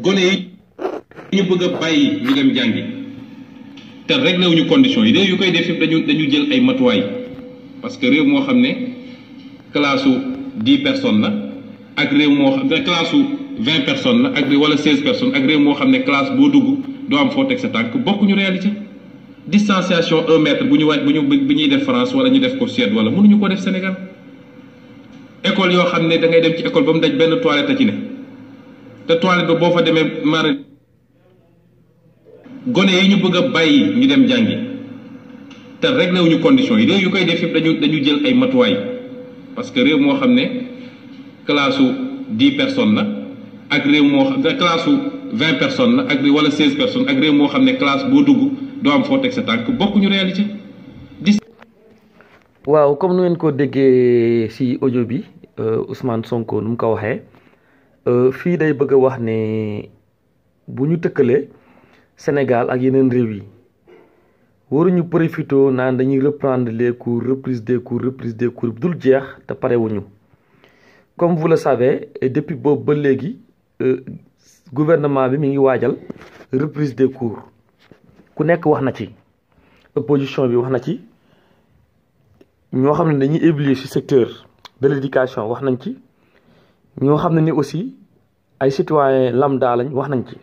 gone yi ñu bëgg a bàyyi ñu dem jàngi te réglé wuñu conditions yi réew yu koy def yëpp dañu dañu jël ay matuwaay parce que réew moo xam ne classe su dix personnes na ak réew moo xam ne classe su vingt personnes la ak réew wala seize personnes ak réew moo xam ne classe boo dugg doo am foo teg sa tànk bokkuñu réalité distanciation un mètre bu ñu wàcc bu ñu bu ñuy def France wala ñu def ko Suède wala mënuñu ko def Sénégal école yoo xam ne da ngay dem ci école ba mu daj benn toilette a ci te toilette ba boo fa demee maara gone yi ñu bëgg a bàyyi ñu dem jàngi te réglé wuñu conditions yi de yu koy def yëpp dañu dañu jël ay matuwaay parce que réew moo xam ne classe su dix personnes na ak réew moo xam ne classe vingt personnes na ak wala seize personnes ak réew moo xam ne classe boo dugg doo am foo teg sa tànk bokkuñu réalité. waaw comme nu ngeen ko déggee ci audio bi euh, Ousmane Sonko nu mu ko waxee. Euh, fii day bëgg a wax ne bu ñu tëkkalee Sénégal ak yeneen réew yi waruñu profité naan dañuy reprendre les cours reprise des cours reprise des cours dul jeex te parewuñu comme vule le depuis boobu ba léegi euh, gouvernement bi mi ngi waajal reprise des cours ku nekk wax na ci opposition bi wax na ci ñoo xam ne dañuy évoluer ci secteur de l'éducation wax nañ ci ñoo xam na ni aussi ay citoyen lambda lañ wax nañ ci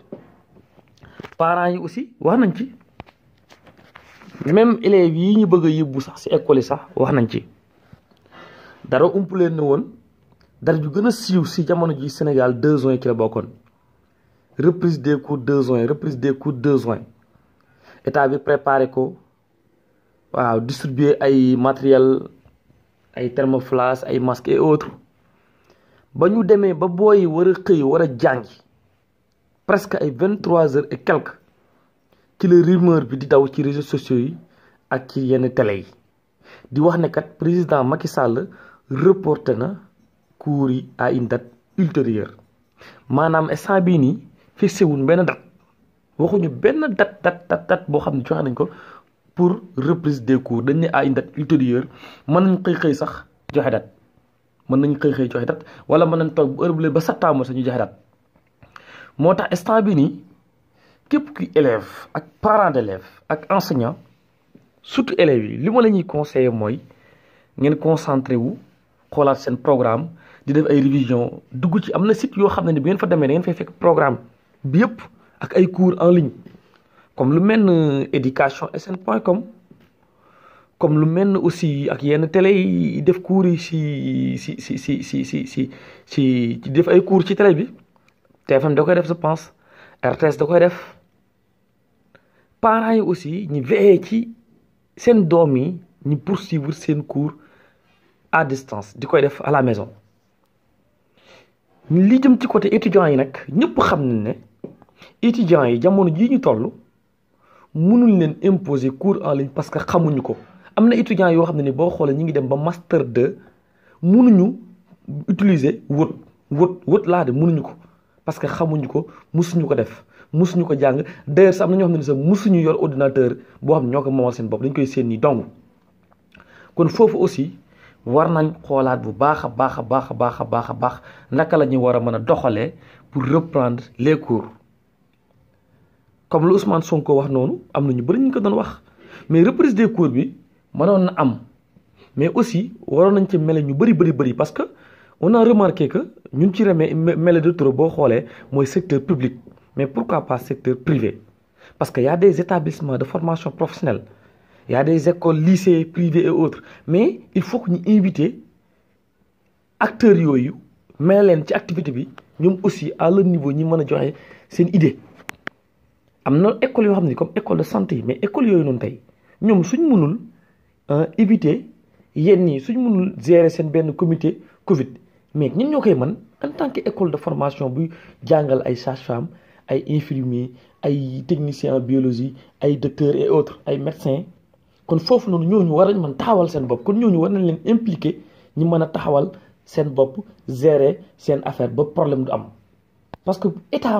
parents yi aussi wax nañ ci même élèves yi ñu bëgg a yóbbu sax si école yi sax wax nañ ci dara ump leen ne woon dara ju gën a siiw si jamono ji Sénégal deux juin ci la bokkoon reprise des cours deux juin reprise des cours deux juin état bi préparé ko waaw distribuer ay matériel ay thermoflash ay masques et autres ba ñu demee ba booy war a xëy war a jàngi presque ay vingt trois heures et quelque ci la rumeur bi di daw ci réseaux sociaux yi ak ci yenn télé yi di wax ne kat président Macky Sall reporté na cours yi à une date ultérieure maanaam instant bii nii fixé wuñ benn date waxuñu benn date date date date boo xam ne joxe nañ ko pour reprise des cours dañ ne à une date ultérieure mën nañ xëy xëy sax joxe date. mën nañ xëy xëy joxe date wala mën nañ toog bu heure bu leen ba septembre sax ñu joxe date moo tax instant bi nii képp ku élève ak parent d'élève ak enseignant surtout élèves yi li ma la ñuy conseiller mooy ngeen concentré wu xoolaat seen programme di def ay révision dugg ci am na site yoo xam ne ni bu ngeen fa demee da ngeen fay fekk programme bi yëpp ak ay cours en ligne comme lu mel ne éducation sn comme comme lu mel aussi ak yenn télé yi def cour yi si si si si si si si si def ay cours ci télé bi TFM da koy def je pense RTS da koy def parents yi aussi ñu veillé ci seen doom yi poursuivre seen cours à distance di koy def à la maison li jëm ci côté étudiant yi nak ñëpp xam nañ ne étudiants yi jamono ji ñu tollu mënul leen imposer cours en ligne parce que xamuñu ko amna na étudiants yoo xam ne ni boo ngi dem ba master 2 mënuñu utiliser wut wut wut laa de mënuñu ko parce que xamuñu ko musuñu ko def musuñu ko jang d'ailleurs amna ñu xamné sa xam ne musuñu yor ordinateur bo xam ñoko ñoo seen bop dañ koy seen ni dong kon fofu aussi war nañ xolaat bu baaxa baaxa baaxa baaxa baaxa baax naka lañu wara mëna a pour reprendre les cours comme lu Ousmane Sonko wax nonu amna ñu bëri ñu ko doon wax mais reprise des cours bi manon na am mais aussi waroon nañ ci mele ñu bari bari bari parce que on a remarqué que ñun ci remé de trop bo xolé moy secteur public mais pourquoi pas secteur privé parce que y a des établissements de formation professionnelle Il y a des écoles lycées privés et autres mais il faut que invite invité acteurs yoyu mele len ci activité bi aussi à leur niveau ñi mëna a seen idée amna école yo xamni comme école de santé mais école yooyu noonu tay ñoom suñ mënul euh, éviter yenn nous suñ gérer comité Covid mais ñun en tant que école de formation bu jàngal ay sages-femmes ay infirmiers ay techniciens en biologie ay docteurs et autres ay médecins kon foofu noonu ñooñu war nañ taxawal impliqué gérer affaire ba problème du parce que état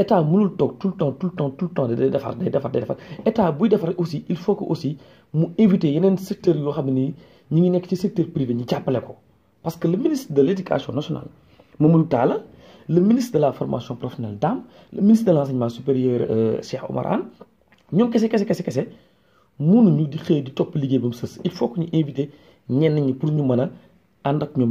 état mënul tok tout le temps tout le temps tout le temps day defar day defar day defar état buy aussi il faut que aussi mu éviter yenen secteurs yo xamni ñi ngi nek ci secteur privé ñi jappalé ko parce que le ministre de l'Éducation nationale Mamadou Tala, le ministre de la formation professionnelle Dame le ministre de l'Enseignement supérieur, supérieur Cheikh Oumar ñom kessé kessé kessé kessé kese ñu di xé di top liggéey ba mu ça. il faut que ñu inviter ñenn ñi pour ñu mëna and ak ñom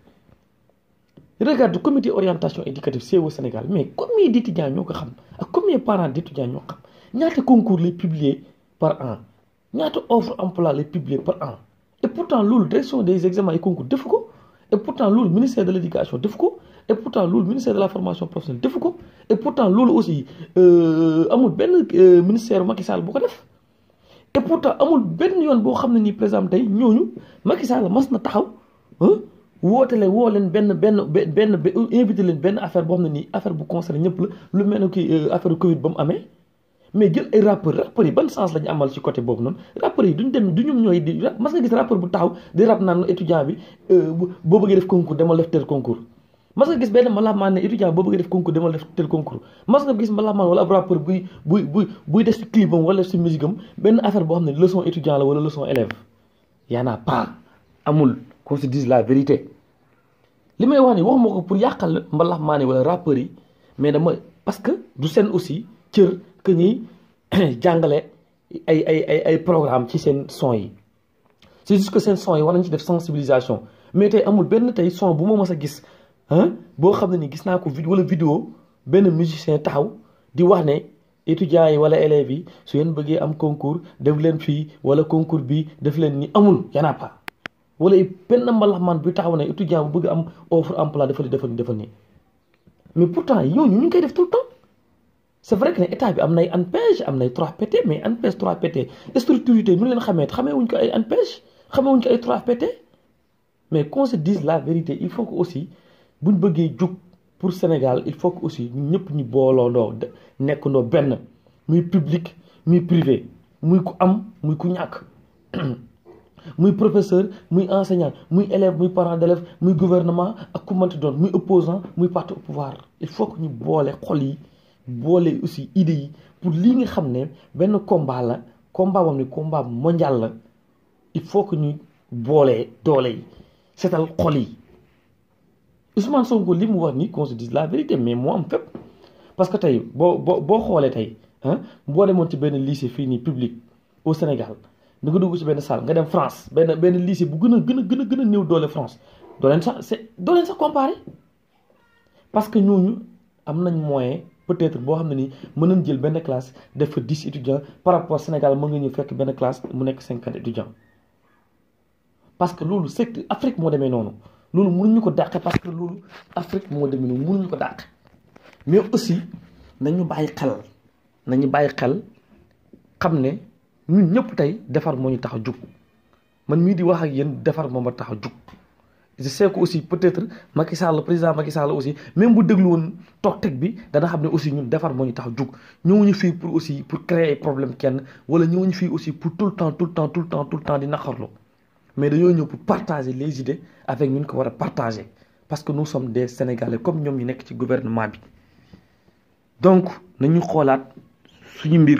regarde comité orientation éducative CEO Sénégal mais combien d'étudiants y ont xam ak combien parents d'étudiants ñoko xam ñaata concours les publier par an ñaata offre emploi les publier par an et pourtant loolu direction des examens et concours def ko et pourtant loolu ministère de l'éducation def ko et pourtant loolu ministère de la formation professionnelle def ko et pourtant loolu aussi euh, amul euh, ministère Macky Sall bu ko def et pourtant amul ben yone bo xamni ne nii ñooñu Macky Sall mas na taxaw hein woote les woo Ben ben ben ben invité affaire bo affaire bu euh, Covid mais ay rappeur rappeur yi sens amal ci côté rappeur yi dem rappeur étudiant bi euh, def concours tel concours. étudiant concours tel concours nga gis wala rappeur musique ben affaire leçon étudiant élève y pas amul qu'on se dise la vérité ce wax ni c'est que pour yakal mbalax wala rappeur mais parce que du sen aussi que que ay ay ay programme ci sen son yi c'est juste que son yi war sensibilisation mais tay amul ben tay son bu ma mës gis hein bo ne ni gis vidéo vidéo ben musicien taxaw di wax ne étudiants yi wala élèves yi su bëggé am concours def leen wala concours bi def leen ni pas wala benn mbalaxmaan bi taxaw ne étudiant bu bëgg am offre emploi defal defal defal nii mais pourtant ñooñu ñu ngi koy def tout le temps c' est vrai que ne état bi am nay ANPEJ am nay 3PT mais ANPEJ 3PT structure yi tey ñu leen xamee xamee wuñ ko ay ANPEJ xamee wuñ ko ay 3PT mais qu'on se dise la vérité il faut que aussi buñ bëggee jug pour Sénégal il faut que aussi ñun ñëpp ñu booloondoo nekkandoo benn muy public muy privé muy ku am muy ku ñàkk. muy professeur muy enseignant muy élève muy parent d'élève muy gouvernement ak ku mënti doon muy opposant muy parti au pouvoir il faut que ñu boole xol yi boole aussi idées yi pour que nga xam ne benn combat la combat boobu combat mondial la il faut que ñu boole doole yi setal xol yi Ousmane Sonko li mu wax ni qu'on se dise la vérité mais moi en fait, parce que tey boo boo boo xoolee tey ah boo demoon ci benn lycée fii public au Sénégal nous dugg ci benn nga dem France lycée bu France parce que nous am moyen peut-être classe def 10 étudiants par rapport Sénégal nous avons fekk classe mu nekk étudiants parce que loolu Afrique moo loolu mënuñu ko parce que loolu Afrique moo demee noonu mënuñu ko mais aussi nañu bàyyi xel nañu bàyyi xel xam ñun ñëpp tey defar moo ñu tax a jug man mii di wax ak yéen defar moo a tax a jug je sais que aussi peut-être Macky Sall président Macky Sall aussi même bu déglu woon toog teg bi dana xam ne aussi ñun defar moo ñu tax a jug ñëwuñu fii pour aussi pour créer problème kenn wala ñëwuñu fii aussi pour tout le temps tout le temps tout le temps tout le temps di naqarlu mais dañoo ñëw pour partager les idées avec ñun ko war a partager parce que nous sommes des Sénégalais comme ñoom ñu nekk ci gouvernement bi xoolaat suñu mbir.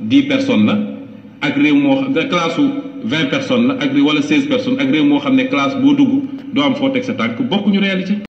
10 personnes là ak réew mo xam classe personnes la ak wala 16 personnes ak réew moo xam classe boo dugg doo am sa réalité